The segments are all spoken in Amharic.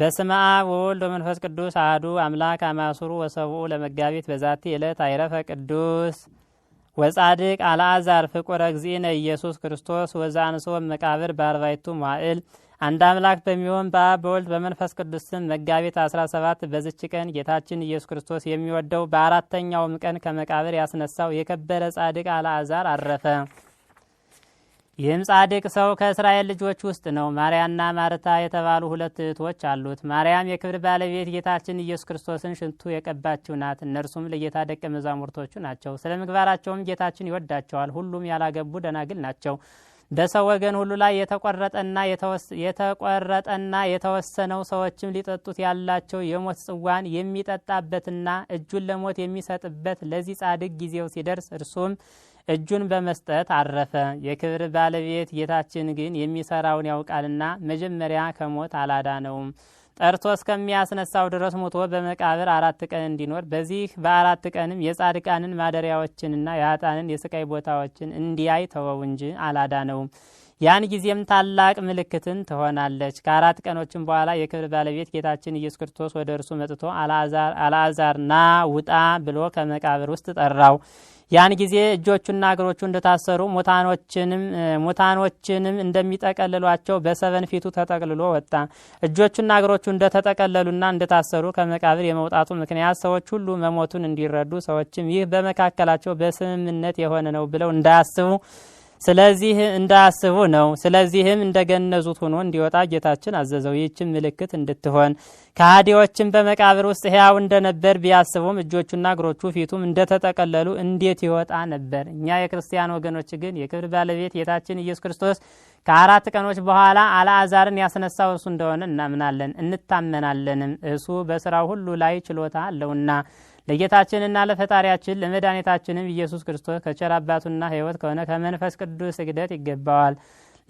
በስመ አብ ወወልድ ወመንፈስ ቅዱስ አህዱ አምላክ አማሱሩ ወሰብኡ ለመጋቢት በዛቲ ዕለት አይረፈ ቅዱስ ወጻድቅ አልዓዛር ፍቁረ እግዚእነ ኢየሱስ ክርስቶስ ወዛንሶ መቃብር በአርባይቱ መዋዕል። አንድ አምላክ በሚሆን በአብ በወልድ በመንፈስ ቅዱስ ስም መጋቢት 17 በዝች ቀን ጌታችን ኢየሱስ ክርስቶስ የሚወደው በአራተኛውም ቀን ከመቃብር ያስነሳው የከበረ ጻድቅ አልዓዛር አረፈ። ይህም ጻድቅ ሰው ከእስራኤል ልጆች ውስጥ ነው። ማርያና ማርታ የተባሉ ሁለት እህቶች አሉት። ማርያም የክብር ባለቤት ጌታችን ኢየሱስ ክርስቶስን ሽንቱ የቀባችው ናት። እነርሱም ለጌታ ደቀ መዛሙርቶቹ ናቸው። ስለ ምግባራቸውም ጌታችን ይወዳቸዋል። ሁሉም ያላገቡ ደናግል ናቸው። በሰው ወገን ሁሉ ላይ የተቆረጠና የተቆረጠና የተወሰነው ሰዎችም ሊጠጡት ያላቸው የሞት ጽዋን የሚጠጣበትና እጁን ለሞት የሚሰጥበት ለዚህ ጻድቅ ጊዜው ሲደርስ እርሱም እጁን በመስጠት አረፈ። የክብር ባለቤት ጌታችን ግን የሚሰራውን ያውቃልና መጀመሪያ ከሞት አላዳነውም። ጠርቶ እስከሚያስነሳው ድረስ ሞቶ በመቃብር አራት ቀን እንዲኖር በዚህ በአራት ቀንም የጻድቃንን ማደሪያዎችንና የአጣንን የስቃይ ቦታዎችን እንዲያይ ተወው እንጂ አላዳነውም። ያን ጊዜም ታላቅ ምልክትን ትሆናለች። ከአራት ቀኖችም በኋላ የክብር ባለቤት ጌታችን ኢየሱስ ክርስቶስ ወደ እርሱ መጥቶ አልዓዛር ና ውጣ ብሎ ከመቃብር ውስጥ ጠራው። ያን ጊዜ እጆቹና እግሮቹ እንደታሰሩ ሙታኖችንም እንደሚጠቀልሏቸው በሰበን ፊቱ ተጠቅልሎ ወጣ። እጆቹና እግሮቹ እንደተጠቀለሉና እንደታሰሩ ከመቃብር የመውጣቱ ምክንያት ሰዎች ሁሉ መሞቱን እንዲረዱ፣ ሰዎችም ይህ በመካከላቸው በስምምነት የሆነ ነው ብለው እንዳያስቡ ስለዚህ እንዳያስቡ ነው። ስለዚህም እንደገነዙት ሆኖ እንዲወጣ ጌታችን አዘዘው። ይህችን ምልክት እንድትሆን ከሃዲዎችን በመቃብር ውስጥ ሕያው እንደነበር ቢያስቡም እጆቹና እግሮቹ ፊቱም እንደተጠቀለሉ እንዴት ይወጣ ነበር? እኛ የክርስቲያን ወገኖች ግን የክብር ባለቤት ጌታችን ኢየሱስ ክርስቶስ ከአራት ቀኖች በኋላ አልአዛርን ያስነሳው እሱ እንደሆነ እናምናለን እንታመናለንም። እሱ በስራው ሁሉ ላይ ችሎታ አለውና ለጌታችንና ለፈጣሪያችን ለመድኃኒታችንም ኢየሱስ ክርስቶስ ከቸር አባቱና ሕይወት ከሆነ ከመንፈስ ቅዱስ እግደት ይገባዋል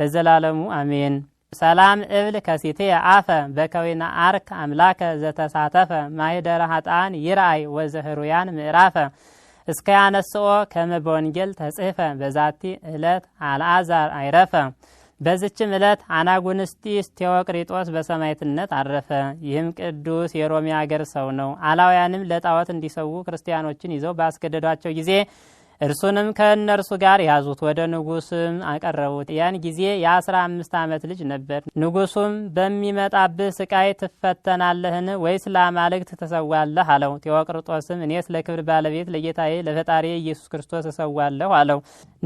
ለዘላለሙ አሜን። ሰላም እብል ከሲቴ አፈ በከዊና አርክ አምላከ ዘተሳተፈ ማይደረ ሀጣን ይርአይ ወዘህሩያን ምዕራፈ እስከ ያነስኦ ከመ በወንጌል በዛቲ ዕለት አልአዛር አይረፈ በዝችም ዕለት አናጉንስጢስ ቴዎቅሪጦስ በሰማይትነት አረፈ። ይህም ቅዱስ የሮሜ አገር ሰው ነው። አላውያንም ለጣዖት እንዲሰዉ ክርስቲያኖችን ይዘው ባስገደዷቸው ጊዜ እርሱንም ከእነርሱ ጋር ያዙት፣ ወደ ንጉስም አቀረቡት። ያን ጊዜ የአስራ አምስት ዓመት ልጅ ነበር። ንጉሱም በሚመጣብህ ስቃይ ትፈተናለህን ወይስ ለአማልክት ትሰዋለህ አለው። ቴዎቅርጦስም እኔስ ለክብር ባለቤት ለጌታዬ ለፈጣሪ ኢየሱስ ክርስቶስ እሰዋለሁ አለው።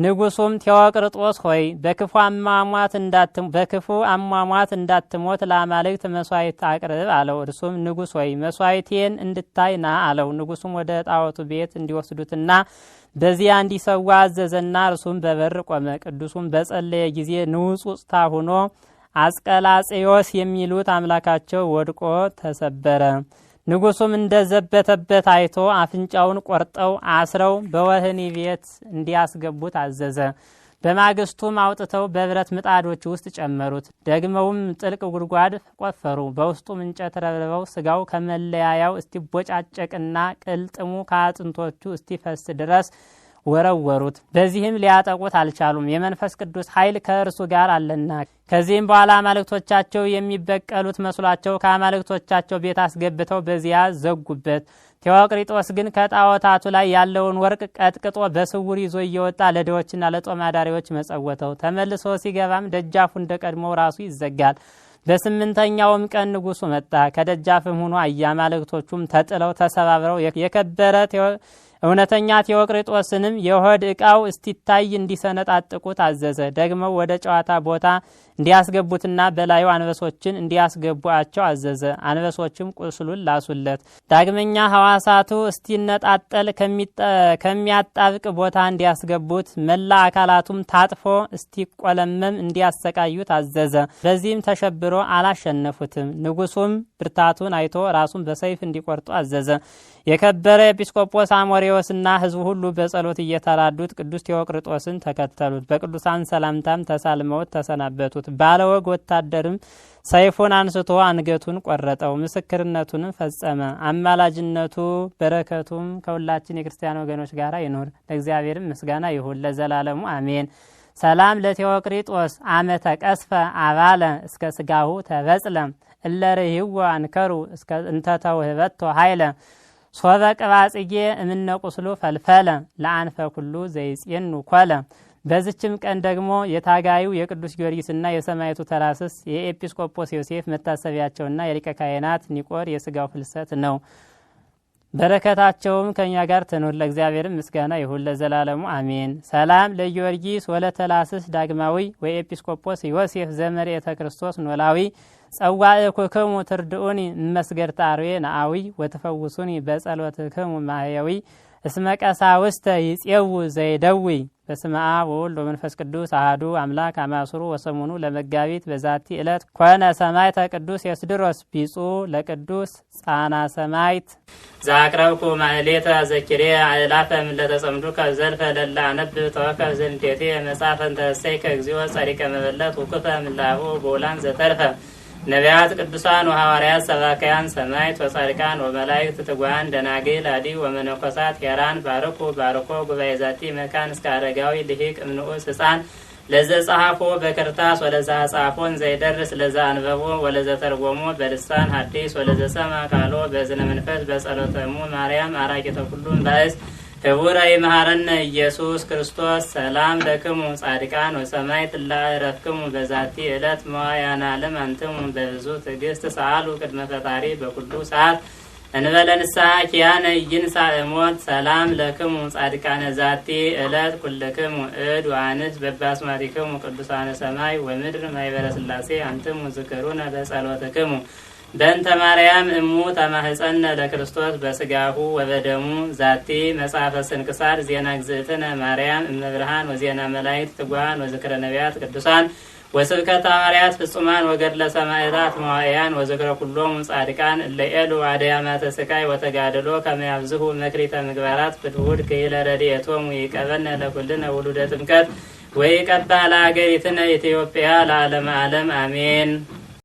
ንጉሱም ቴዎቅርጦስ ሆይ በክፉ አሟሟት በክፉ አሟሟት እንዳትሞት ለአማልክት መስዋዕት አቅርብ አለው። እርሱም ንጉስ ሆይ መስዋዕቴን እንድታይ ና አለው። ንጉሱም ወደ ጣዖቱ ቤት እንዲወስዱትና በዚያ እንዲሰዋ አዘዘና እርሱም በበር ቆመ። ቅዱሱም በጸለየ ጊዜ ንውፅ ሆኖ አስቀላጼዎስ የሚሉት አምላካቸው ወድቆ ተሰበረ። ንጉሱም እንደዘበተበት አይቶ አፍንጫውን ቆርጠው አስረው በወህኒ ቤት እንዲያስገቡት አዘዘ። በማግስቱም አውጥተው በብረት ምጣዶች ውስጥ ጨመሩት። ደግመውም ጥልቅ ጉድጓድ ቆፈሩ። በውስጡም እንጨት ረብረበው ስጋው ከመለያያው እስቲቦጫጨቅና ቅልጥሙ ከአጥንቶቹ እስቲፈስ ድረስ ወረወሩት። በዚህም ሊያጠቁት አልቻሉም፣ የመንፈስ ቅዱስ ኃይል ከእርሱ ጋር አለና። ከዚህም በኋላ አማልክቶቻቸው የሚበቀሉት መስሏቸው ከአማልክቶቻቸው ቤት አስገብተው በዚያ ዘጉበት። ቴዎቅሪጦስ ግን ከጣዖታቱ ላይ ያለውን ወርቅ ቀጥቅጦ በስውር ይዞ እየወጣ ለድሆችና ለጦማዳሪዎች መጸወተው። ተመልሶ ሲገባም ደጃፉ እንደ ቀድሞው ራሱ ይዘጋል። በስምንተኛውም ቀን ንጉሱ መጣ። ከደጃፍም ሆኖ አያማልክቶቹም ተጥለው ተሰባብረው የከበረ እውነተኛ ቴዎቅሪጦስንም የሆድ ዕቃው እስቲታይ እንዲሰነጣጥቁት አዘዘ። ደግሞ ወደ ጨዋታ ቦታ እንዲያስገቡትና በላዩ አንበሶችን እንዲያስገቡአቸው አዘዘ። አንበሶችም ቁስሉን ላሱለት። ዳግመኛ ሐዋሳቱ እስቲነጣጠል ከሚያጣብቅ ቦታ እንዲያስገቡት፣ መላ አካላቱም ታጥፎ እስቲቆለመም እንዲያሰቃዩት አዘዘ። በዚህም ተሸብሮ አላሸነፉትም። ንጉሱም ብርታቱን አይቶ ራሱን በሰይፍ እንዲቆርጡ አዘዘ። የከበረ ኤጲስቆጶስ አሞሬ አርኬዎስና ህዝቡ ሁሉ በጸሎት እየተራዱት ቅዱስ ቴዎቅርጦስን ተከተሉት። በቅዱሳን ሰላምታም ተሳልመውት ተሰናበቱት። ባለወግ ወታደርም ሰይፉን አንስቶ አንገቱን ቆረጠው። ምስክርነቱንም ፈጸመ። አማላጅነቱ በረከቱም ከሁላችን የክርስቲያን ወገኖች ጋር ይኑር። ለእግዚአብሔርም ምስጋና ይሁን ለዘላለሙ አሜን። ሰላም ለቴዎቅሪጦስ አመተ ቀስፈ አባለ እስከ ስጋሁ ተበጽለ እለ አንከሩ እንተተው ህበቶ ሀይለ ሶበ ቅባጽጌ እምነ ቁስሉ ፈልፈለ ለአንፈ ኩሉ ዘይጼኑ ኮለ። በዚችም ቀን ደግሞ የታጋዩ የቅዱስ ጊዮርጊስና የሰማይቱ ተራስስ የኤጲስቆጶስ ዮሴፍ መታሰቢያቸውና የሊቀ ካይናት ኒቆር የስጋው ፍልሰት ነው። በረከታቸውም ከእኛ ጋር ትኑር። ለእግዚአብሔር ምስጋና ይሁን ለዘላለሙ አሜን። ሰላም ለጊዮርጊስ ወለተላስስ ዳግማዊ ወኤጲስቆጶስ ዮሴፍ ዘመር ክርስቶስ ኖላዊ ጸዋኤ ኮከሙ ትርድኡኒ እመስገድ ጣርዌ ነአዊ ወትፈውሱኒ በጸሎትክሙ ማህያዊ እስመ ቀሳውስተ ይጼው ዘይደዊ በስመ አብ ወወልድ ወመንፈስ ቅዱስ አህዱ አምላክ አማስሩ ወሰሙኑ ለመጋቢት በዛቲ ዕለት ኮነ ሰማይተ ቅዱስ የስድሮስ ቢጹ ለቅዱስ ጻና ሰማይት ዛቅረብኩ ማሕሌተ ዘኪሬ አእላፈ እምለተ ጸምዱከ ዘልፈ ለለ አነብብ ተወከፍ ዘንዴቴ መጽሐፈ እንተ እሰይ ከእግዚኦ ጸሪቀ መበለት ውክፈ እምላሁ ቦላን ዘተርፈ ነቢያት፣ ቅዱሳን ወሐዋርያት፣ ሰባክያን፣ ሰማዕት ወጻድቃን ወመላእክት፣ ትጉሃን፣ ደናግል፣ አዲ ወመነኮሳት ሄራን ባርኩ ባርኮ ጉባኤ ዛቲ መካን እስከ አረጋዊ ልሂቅ እምንዑስ ህፃን ለዘ ጸሐፎ በክርታስ ወለዘ ጻፎን ዘይደርስ ለዘ አንበቦ ወለዘ ተርጎሞ በልሳን ሐዲስ ወለዘ ሰማ ቃሎ በዝነ መንፈስ በጸሎተሙ ማርያም አራቂተ ኩሉ እምባእስ ክቡር ይምሃረነ ኢየሱስ ክርስቶስ ሰላም ለክሙ ጻድቃን ወሰማይ ትላ በዛቲ ዕለት መዋያን ዓለም አንትሙ በብዙ ትዕግስት ሰአሉ ቅድመ ፈጣሪ በኩሉ ሰዓት እንበለ ንስሐ ኪያነ ኢይንሣ እሞት ሰላም ለክሙ ጻድቃነ ዛቲ ዕለት ኩልክሙ እድ ወአንስ በባስማቲክሙ ቅዱሳነ ሰማይ ወምድር ማይበረ ሥላሴ አንትሙ ዝክሩነ በጸሎትክሙ በእንተ ማርያም እሙ ተማህፀነ ለክርስቶስ በስጋሁ ወበደሙ ዛቲ መጽሐፈ ስንክሳር ዜና ግዝእትነ ማርያም እመብርሃን ወዜና መላይት ትጉሃን ወዝክረ ነቢያት ቅዱሳን ወስብከተ ሐዋርያት ፍጹማን ወገድለ ሰማዕታት መዋእያን ወዝክረ ኩሎሙ ጻድቃን ለኤሉ አድያማተ ስቃይ ወተጋድሎ ከመያብዝሁ መክሪተ ምግባራት ፍትውድ ክኢለ ረድኤቶሙ ይቀበነ ለኩልነ ውሉደ ጥምቀት ወይቀባ ለአገሪትነ ኢትዮጵያ ለዓለመ ዓለም አሜን።